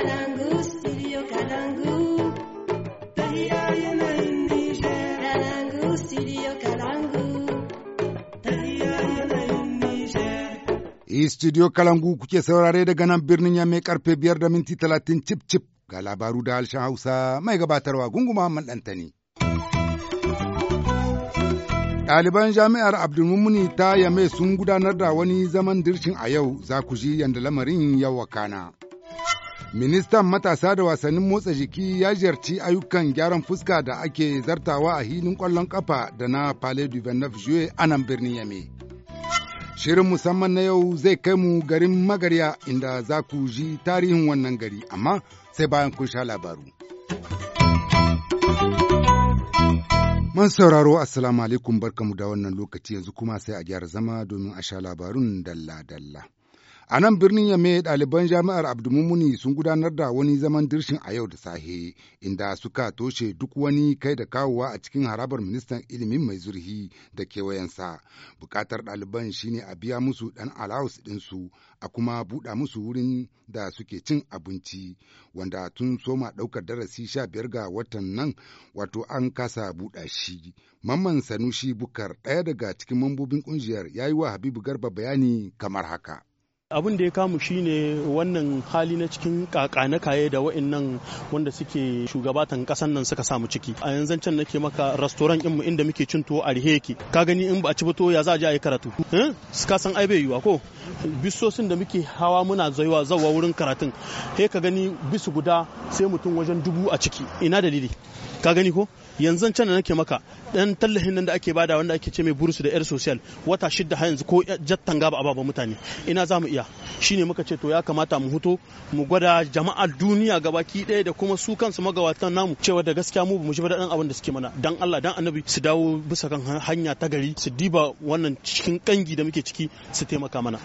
Kalangu, e, studio Kalangu. kuke saurare daga nan birnin ya mai karfe biyar da minti talatin cip cip ga labaru da alshan Hausa mai gabatarwa gunguma Muhammad Dantani. Ɗaliban jami'ar Abdulmumuni ta Yame sun gudanar da wani zaman dirshin a yau za ku ji yadda lamarin ya wakana. Ministan matasa da wasannin motsa jiki ya ziyarci ayyukan gyaran fuska da ake zartawa a hinin kwallon ƙafa da na Palais du 29 a nan birnin Yame. Shirin musamman na yau zai kai mu garin Magarya inda za ku ji tarihin wannan gari, amma sai bayan kun sha labaru. Man sauraro Assalamu alaikum barkamu da wannan lokaci yanzu kuma sai a gyara zama domin a sha labarun dalla-dalla. A nan birnin me ɗaliban jami'ar Abdulmumuni sun gudanar da wani zaman dirshin a yau da sahe, inda suka toshe duk wani kai da kawowa a cikin harabar ministan ilimin mai zurhi da kewayensa. Bukatar ɗaliban shine a biya musu ɗan alawus ɗinsu, a kuma buɗa musu wurin da suke cin abinci, wanda tun soma ɗaukar darasi sha biyar ga watan nan wato an kasa buɗa shi. Mamman Sanushi Bukar ɗaya daga cikin mambobin ƙungiyar ya yi wa Habibu Garba bayani kamar haka. abin da ya kamu shine wannan hali na cikin kaka na kaye da wa'annan wanda suke shugabatan kasan nan suka samu ciki a yanzu can nake maka in mu inda muke cin tuwo a riheki ka gani in ba a ci ba tuwo ya za a je a yi karatu eh? ka san ai bai yiwa ko bisosin da muke hawa muna zaiwa zawa wurin karatun he ka gani bisu guda sai mutum wajen dubu a ciki ina dalili ka gani ko yanzu can da nake maka dan tallafin nan da ake bada wanda ake ce mai burusu da air social wata shida har yanzu ko jattan gaba a ba mutane ina za mu iya shine muka ce to ya kamata mu huto mu gwada jama'ar duniya gabaki ɗaya da kuma su kansu magawatan namu cewa da gaskiya mu mu da dan abin da suke mana dan Allah dan annabi su dawo bisa kan hanya ta gari su diba wannan cikin kangi da muke ciki su taimaka mana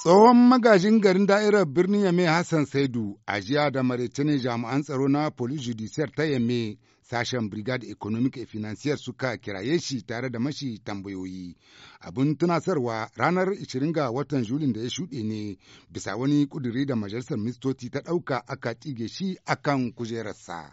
Tsohon magajin garin da'irar birnin Yame Hassan Saidu a jiya da maritini jami'an tsaro na Police Judiciaire ta Yame sashen Brigade Economic Financier suka kiraye shi tare da mashi tambayoyi. Abin tunasarwa ranar 20 ga watan Julin da ya shuɗe ne bisa wani ƙuduri da majalisar ministoci ta ɗauka aka tsige shi akan kujerarsa.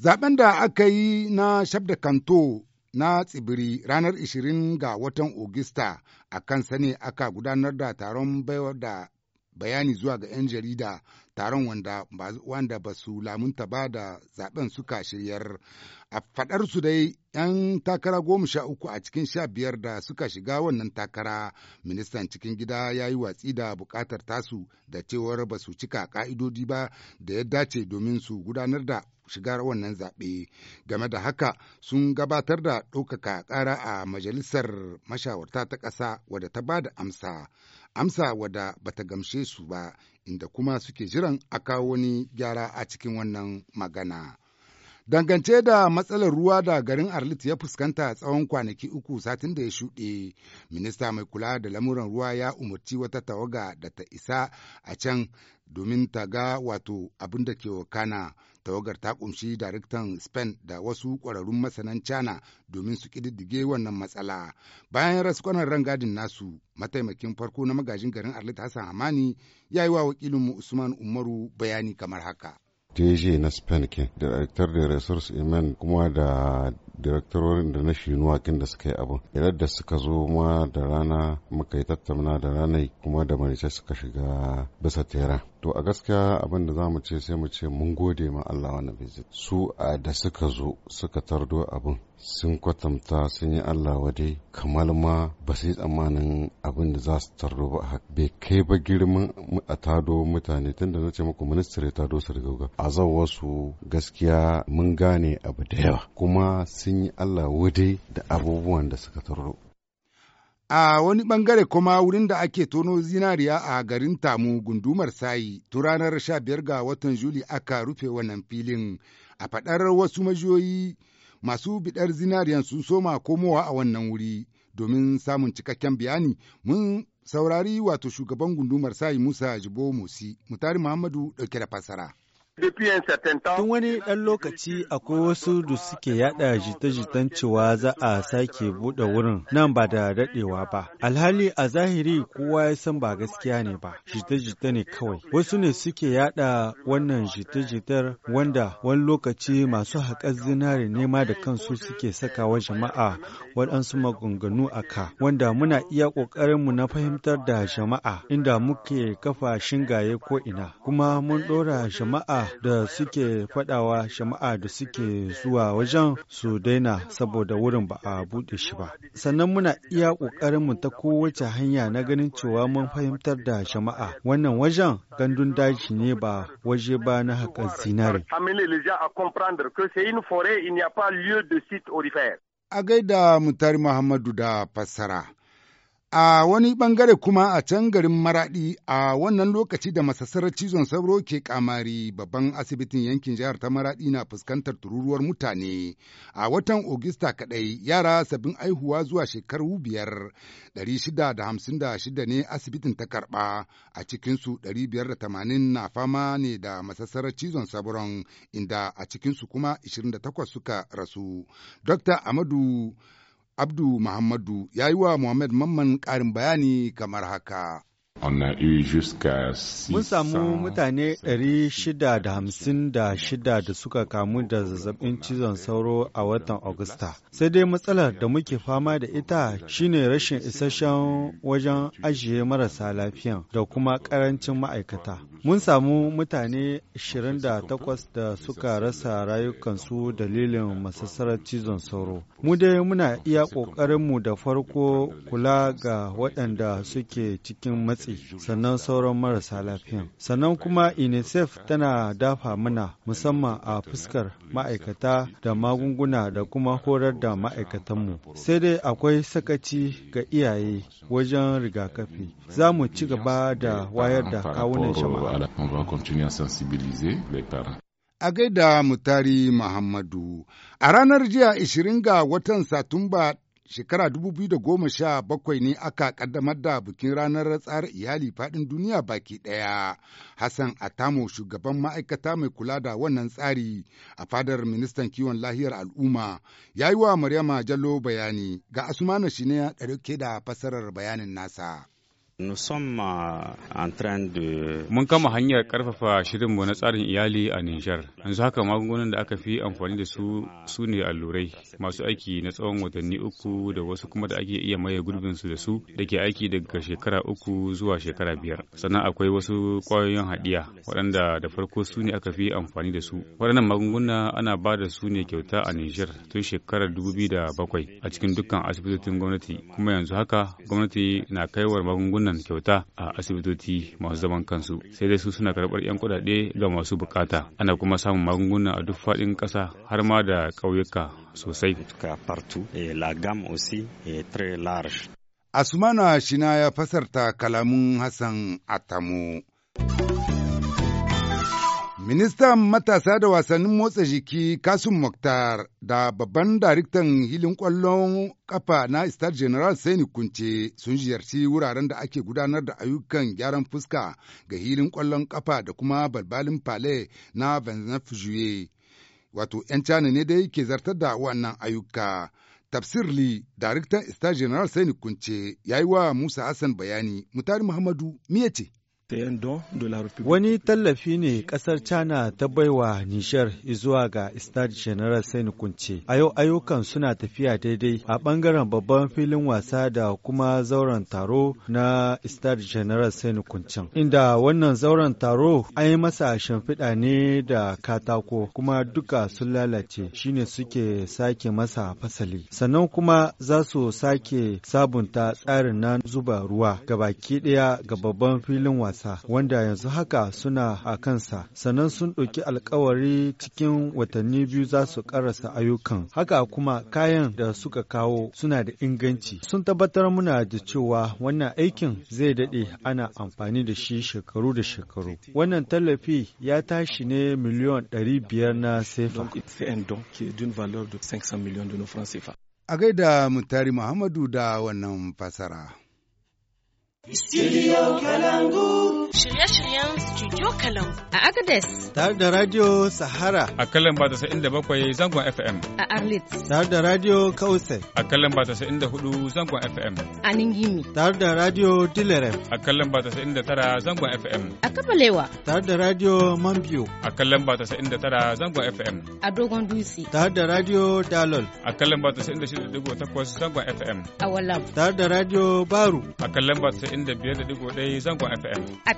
Zaben da aka yi na Shabda Kanto na tsibiri ranar 20 ga watan Ogista a kan sani aka gudanar da taron baiwa da bayani zuwa ga 'yan jarida taron wanda, wanda ba su lamunta ba da zaben suka shiryar a fadar su dai 'yan takara goma sha uku a cikin sha biyar da suka shiga wannan takara ministan cikin gida ya yi watsi da bukatar tasu da cewar ba su cika ka'idodi ba da ya dace domin su gudanar da shigar wannan zaɓe game da haka sun gabatar da ɗaukaka ƙara a majalisar mashawarta ta ƙasa wadda ta ba da amsa amsa wadda ta gamshe su ba inda kuma suke jiran a kawo wani gyara a cikin wannan magana. Dangance da matsalar ruwa da garin Arlit ya fuskanta tsawon kwanaki uku satin da ya shuɗe, minista mai kula da lamuran ruwa ya umarci wata tawaga da ta isa a can domin ta ga wato abin da ke wakana tawagar ta kunshi daraktan spain da wasu kwararrun masanan china domin su kididdige wannan matsala bayan raskwanar rangadin nasu mataimakin farko na magajin garin arlit hassan hamani ya yi wa wakilinmu usman umaru bayani kamar haka dg na Spain ke Director da Resource Iman kuma da direktorin da na shinuwa kin da suka yi abu Idan da suka zo ma da rana muka yi tattauna da ranai kuma da marice suka shiga bisa tera. to a gaskiya abin da za mu ce sai mu ce mun gode ma Allah wani visit su a da suka zo suka tardo abin sun kwatanta sun yi Allah wade kamar ma ba su yi tsammanin abin da za su tardo ba bai kai ba girman a tado mutane tun da na ce muku ministry tado su rigauga a zan wasu gaskiya mun gane abu da yawa kuma sun yi Allah wade da abubuwan da suka tardo A wani ɓangare kuma wurin da ake tono zinariya a garin Tamu gundumar sayi tun ranar sha biyar ga watan Juli aka rufe wannan filin a faɗar wasu majiyoyi masu biɗar zinariyan sun soma komowa a wannan wuri domin samun cikakken bayani mun saurari wato shugaban gundumar sayi Musa Jibo Musi Mutari Muhammadu ɗauke da fasara. Tun wani ɗan lokaci akwai wasu da suke yada jita-jitan cewa za a sake buɗe wurin nan ba da daɗewa ba. Alhali a zahiri kowa ya san ba gaskiya ne ba, jita-jita ne kawai. Wasu ne suke yada wannan jita-jitar wanda wani lokaci masu haƙar zinare nema da kansu suke sakawa jama'a waɗansu maganganu a ka, wanda muna iya ƙoƙarin ƙoƙarinmu na fahimtar da jama'a inda muke kafa shingaye ko ina, kuma mun ɗora jama'a da suke faɗawa shama'a da suke zuwa wajen su daina saboda wurin ba a buɗe shi ba. Sannan muna iya mu ta kowace hanya na ganin cewa mun fahimtar da shama'a wannan wajen gandun daji ne ba waje ba na haƙar zinare. A gaida Mutari Muhammadu da fassara. A wani ɓangare kuma a can garin Maraɗi a wannan lokaci da masassarar cizon sauro ke kamari babban asibitin yankin jihar ta Maraɗi na fuskantar tururuwar mutane. A watan Ogista kaɗai yara sabbin aihuwa zuwa shekaru biyar, ɗari shida da hamsin da shida ne asibitin ta karɓa a cikinsu ɗari biyar da tamanin na fama ne da masassarar cizon sauron inda a cikinsu kuma ishirin da takwas suka rasu. Dr. Amadu Abdu Muhammadu ya yi wa Muhammad Mamman ƙarin bayani kamar haka. Mun samu mutane 656 da suka kamu da zazzabin cizon sauro a watan Agusta. Sai dai matsalar da muke fama da ita shine rashin isasshen wajen ajiye marasa lafiyan da kuma karancin ma'aikata. Mun samu mutane 28 da suka rasa rayukansu dalilin masassarar cizon sauro. Mu dai muna iya ƙoƙarinmu da farko kula ga waɗanda suke cikin matsi sannan sauran marasa lafiyan sannan kuma unicef tana dafa mana musamman a fuskar ma'aikata da magunguna da kuma horar da ma'aikatanmu sai dai akwai sakaci ga iyaye wajen rigakafi za mu ci gaba da wayar da kawunan jama'a a gaida mutari Muhammadu. A ranar jiya 20 ga watan Satumba shekara 2017 ne aka kaddamar da bikin ranar tsara iyali faɗin duniya baki ɗaya. Hassan Atamo shugaban ma'aikata mai kula da wannan tsari a fadar ministan kiwon lahiyar al'umma ya yi wa Maryama Jallo bayani ga Asumana shi ne da fasarar bayanin nasa. Euh, Mun kama hanyar karfafa shirinmu na tsarin iyali a Nijar. Yanzu haka magungunan da aka fi amfani da su su ne allurai masu aiki na tsawon watanni uku da wasu kuma da ake iya maye gurbinsu da su da ke aiki daga shekara uku zuwa shekara biyar. Sannan akwai wasu ƙwayoyin haɗiya waɗanda da farko su ne aka fi amfani da su. Waɗannan magunguna ana ba da su ne kyauta a Nijar tun shekarar bakwai a cikin dukkan asibitocin gwamnati kuma yanzu haka gwamnati na kaiwar magunguna wannan kyauta a asibitoci masu zaman kansu sai dai su suna karɓar 'yan kuɗaɗe ga masu bukata ana kuma samun magunguna a duk faɗin ƙasa har ma da ƙauyuka sosai asumana shina ya fasarta kalamun hassan atamo Ministan matasa da wasannin motsa jiki Kasim Mokhtar da babban daraktan hilin kwallon kafa na Star General Saini Kunce sun ziyarci wuraren da ake gudanar da ayyukan gyaran fuska ga hilin kwallon kafa da kuma balbalin fale na Vanzaf Juye. Wato, ‘yan cana ne dai ke zartar da wannan ayyuka. Tafsir li, daraktan Star General Saini Kunce, ya yi wa Musa Hassan bayani, Mutari Muhammadu, miye ce? Wani tallafi ne ƙasar China ta baiwa Nishar zuwa ga Stade General Sani Kunce. ayyukan suna tafiya daidai a ɓangaren babban filin wasa da kuma zauren taro na Stade General Sani Kuncen. Inda wannan zauren taro an yi masa shimfiɗa ne da katako kuma duka sun lalace shine suke sake masa fasali. Sannan kuma za su sake sabunta tsarin na zuba ruwa gabaki ɗaya ga babban filin wasa. kansa wanda yanzu haka suna a kansa sannan sun ɗauki alkawari cikin watanni biyu za su ƙarasa ayyukan haka kuma kayan da suka kawo suna da inganci sun tabbatar muna da cewa wannan aikin zai daɗe ana amfani da shi shekaru da shekaru wannan tallafi ya tashi ne miliyon biyar na sefa a gaida mutari muhammadu da wannan fasara. Studio Kalangu. shirye-shiryen Studio Kalam. A Agadez. Tare da Radio Sahara. A kalan ba da bakwai zangon FM. A Arlit. Tare da Radio Kausai. A kalan ba da hudu zangon FM. A Ningimi. Tare da Radio Dilerem. A kalan ba da tara zangon FM. A Kabalewa. Tare da Radio Mambiyo. A kalan ba da tara zangon FM. A Dogon Dutse. Tare da Radio Dalol. A kalan ba da takwas zangon FM. A Walam. Tare da Radio Baru. A kalan ba da biyar da zangon FM. A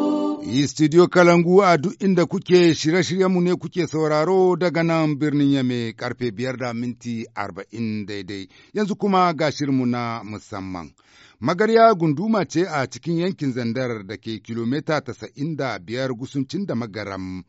Studio Kalangu a duk inda kuke shirye-shiryenmu ne kuke sauraro daga nan birnin Yame karfe biyar da minti arba'in daidai. Yanzu kuma ga shirmu na musamman. Magarya gunduma ce a cikin yankin zandar da ke kilomita tasa'in da biyar gusuncin da magaram.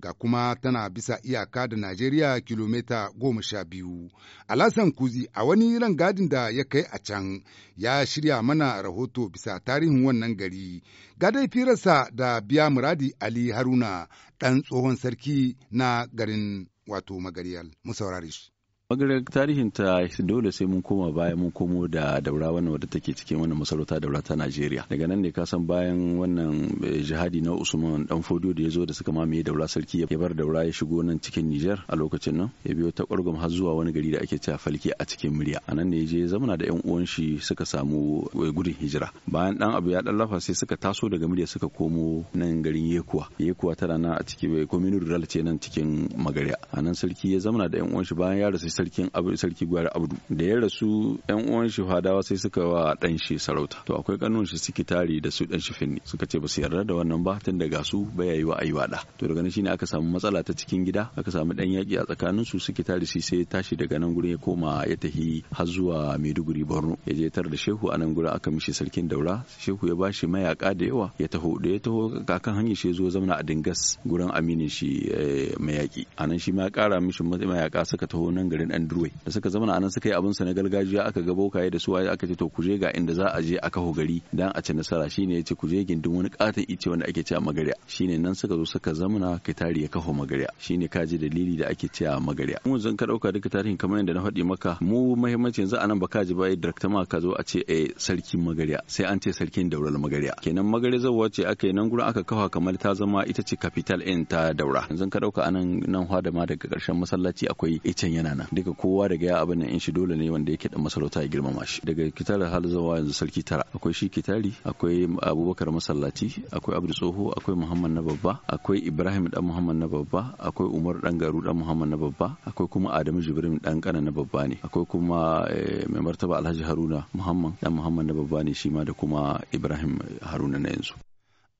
ga kuma tana bisa iyaka da Najeriya kilomita goma sha biyu. Alasan Kuzi a wani rangadin da ya kai a can ya shirya mana rahoto bisa tarihin wannan gari. Gadai firarsa da biya muradi Ali Haruna ɗan tsohon sarki na garin wato magariyal. Mu shi. maganar tarihin ta dole sai mun koma baya mun komo da daura wannan wadda take cikin wannan masarauta daura ta Najeriya daga nan ne ka san bayan wannan eh, jihadi na Usman dan Fodio da ya zo da suka mamaye daura sarki ya bar daura ya shigo nan cikin Niger a lokacin nan ya biyo ta Kwargum har zuwa wani gari da ake cewa Falke a cikin Murya a nan ne ya je zamana da yan uwan shi suka samu eh, gudun hijira bayan dan abu ya dan lafa sai suka taso daga Murya suka komo nan garin Yekuwa Yekuwa tana nan a cikin eh, community rural ce nan cikin Magariya a nan sarki ya zamana da yan uwan shi bayan ya rasu sarkin sarki gwari abdu da ya rasu yan uwan shi fadawa sai suka wa dan shi sarauta to akwai kanun shi suke tare da su dan shi finni suka ce ba su yarda da wannan ba tun daga su baya yi wa aiwa da to daga nan shine aka samu matsala ta cikin gida aka samu dan yaki a tsakanin su suke tare shi sai ya tashi daga nan gurin ya koma ya tahi har zuwa Maiduguri Borno ya je tar da shehu a nan gurin aka mishi sarkin daura shehu ya bashi mayaka da yawa ya taho da ya taho kakan hanyar shi zo zamana a Dingas gurin aminin shi eh, mayaki anan shi ma ya kara mishi mayaka suka taho nan garin kamfanin Andrew da suka zama anan suka yi abin sa na gargajiya aka ga bokaye da suwaye aka ce to kuje ga inda za a je a kaho gari dan a ci nasara shine yace kuje gindin wani katon ice wanda ake cewa magarya shine nan suka zo suka zamana kitari ya kaho magarya shine kaji dalili da ake cewa magarya mun zan ka dauka duka tarihin kamar yadda na faɗi maka mu muhimmanci yanzu anan baka ji bai eh, director ma ka zo a ce eh sarkin magarya sai an ce sarkin daular magarya kenan magarya zawa ce aka yi nan gurin aka kafa kamar ta zama ita ce capital in ta daura yanzu ka dauka anan nan hwa da ma daga karshen masallaci akwai icen yana nan duka kowa daga ya abin in shi dole ne wanda yake da masarauta ya girmama shi daga kitara har zuwa yanzu sarki tara akwai shi kitari akwai abubakar masallaci akwai abdu tsoho akwai muhammad na babba akwai ibrahim dan muhammad na babba akwai umar dan garu dan muhammad na babba akwai kuma adamu jibrin dan kana na babba ne akwai kuma eh, mai martaba alhaji haruna muhammad dan muhammad na babba ne shi ma da kuma ibrahim haruna na yanzu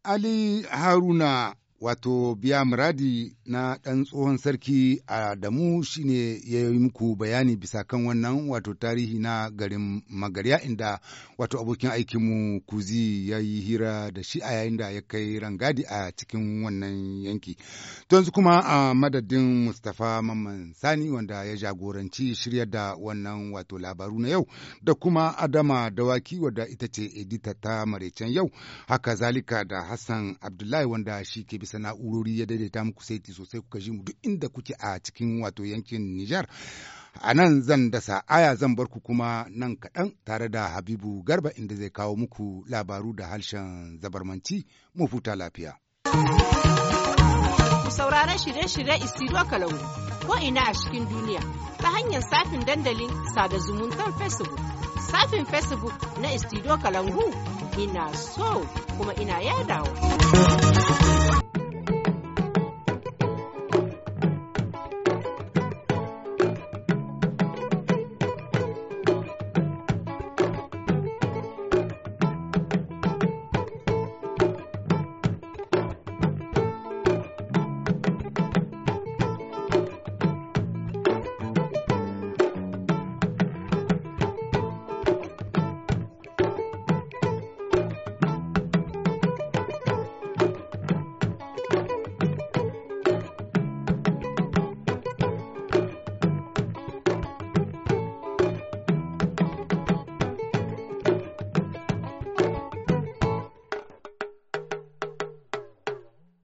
ali haruna wato biya muradi na ɗan tsohon sarki Adamu shine ya yi muku bayani bisa kan wannan wato tarihi na garin Magarya inda wato abokin aikinmu Kuzi ya yi hira da shi a yayin da ya kai rangadi a cikin wannan yanki. To yanzu kuma a madadin Mustapha Mamman Sani wanda ya jagoranci shirya da wannan wato labaru na yau da kuma Adama Dawaki wadda ita ce edita ta maraicen yau haka zalika da Hassan Abdullahi wanda shi ke bisa na'urori ya daidaita muku saiti sosai kuka ji mu duk inda kuke a cikin wato yankin Nijar. A nan zan dasa aya zan bar ku kuma nan kaɗan tare da Habibu Garba inda zai kawo muku labaru da harshen zabarmanci mu futa lafiya. Ku saurara shirye-shirye Isiru kalangu ko ina a cikin duniya ta hanyar safin dandalin sada zumuntar Facebook. Safin Facebook na Istido Kalangu ina so kuma ina yadawa.